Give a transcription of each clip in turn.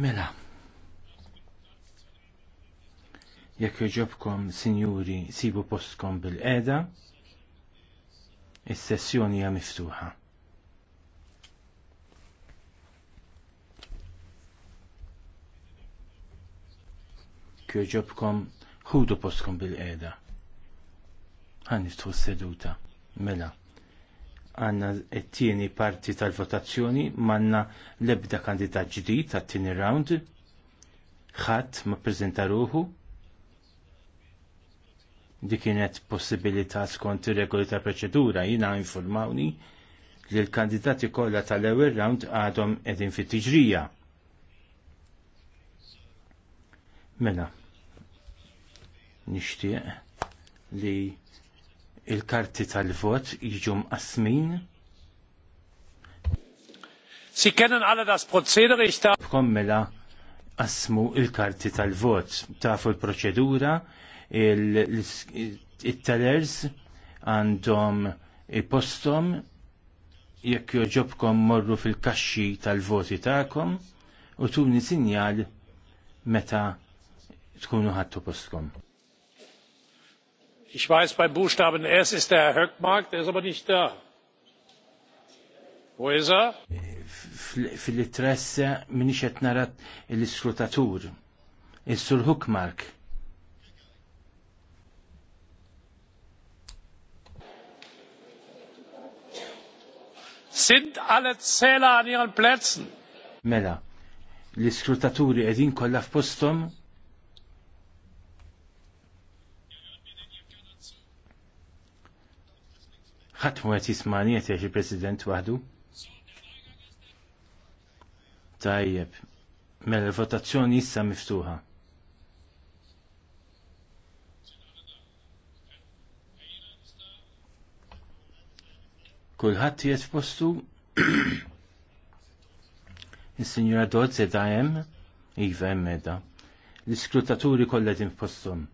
Mela. Jekk joġobkom, sinjuri, sibu postkom bil-qeda, is-sessjoni hija miftuħa. kjoġobkom ħudu postkom bil-qeda. Għan niftħu s-seduta. Mela għanna t-tieni parti tal-votazzjoni manna lebda kandidat ġdid għat-tieni round ħadd ma ppreżenta ruħu di kienet possibilità skont ir-regoli ta' proċedura jina informawni li l-kandidati kollha tal-ewwel round għadhom qegħdin fit-tiġrija. Mela, nixtieq li il-karti tal-vot jiġu mqasmin. Si kennen għala das procedere ixta. Kommela qasmu il-karti tal-vot. Tafu l-proċedura, il-tellers għandhom postom jekk joġobkom morru fil-kaxxi tal-voti tagħkom u tuni sinjal meta tkunu ħattu postkom ich weiß beim buchstaben s ist der herr hökmark der ist aber nicht da. wo ist er? fil-itressa minix qed nara l-iskrutatur. Is-sur Hookmark. Sind alle zähler an ihren plätzen? Mela, l-iskrutaturi edin kollha f'posthom ħadd għet qed għet jgħid il-President waħdu. Tajjeb, mela l-votazzjoni issa miftuħa. Kulħadd jgħid postu Is-Sinjura Dodze da hemm, iva hemm meda. L-iskrutaturi kollet din f'posthom.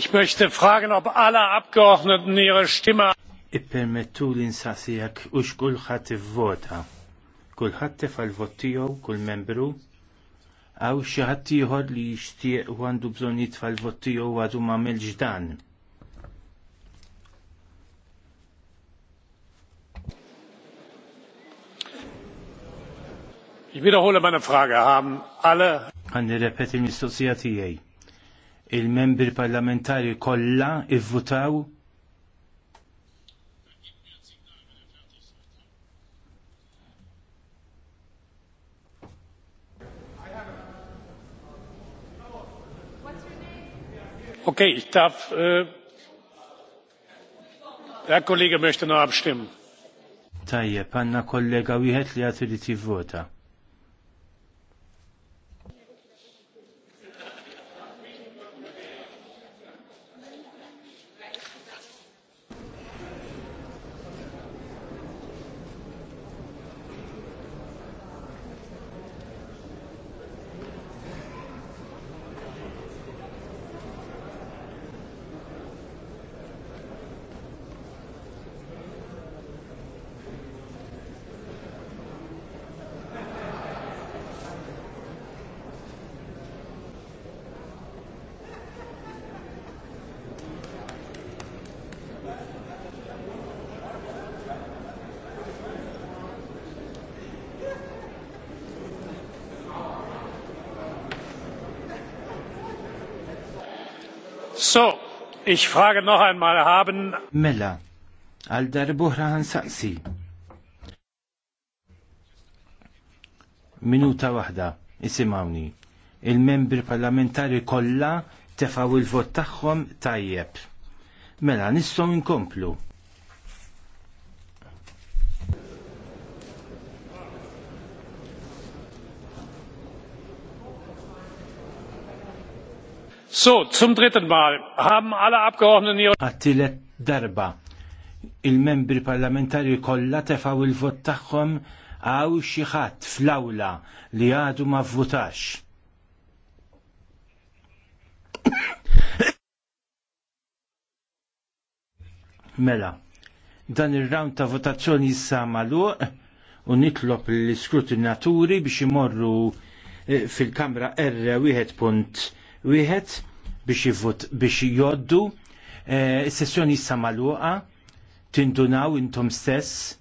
Ich möchte fragen, ob alle Abgeordneten ihre Stimme Ippermettu li nsaqsijak u xkulħat vota Kulħadd tifal votiju, tiegħu kull membru għaw xaħat ħadd li jixtieq u għandu bżonn jitfal votiju għadu ma dan. Ich wiederhole meine Frage, haben alle... Għanni repeti l-mistoqsija tiegħi il-membri parlamentari kollha ivvutaw Okay, ich darf, äh, Herr Kollege möchte noch abstimmen. Tajjeb, għanna kollega wieħed li għatri tivvota. So, ich frage noch einmal haben. Mela, għal darbuħra saqsi. Minuta waħda, isimawni. Il-membri parlamentari kollha tefaw il-vot tagħhom tajjeb. Mela, nistgħu inkomplu. So, zum dritten Mal haben alle Abgeordneten ihre. Attilet darba il-membri parlamentari kollha tefaw il-vot tagħhom għaw xi ħadd fl-awla li għadu ma vvutax. mela, dan ir-round ta' votazzjoni issa magħluq u nitlob l-iskrutinaturi biex imorru eh, fil-kamra R1.1 biex jivvot biex joddu, e, eh, sessjoni issa tindunaw intom stess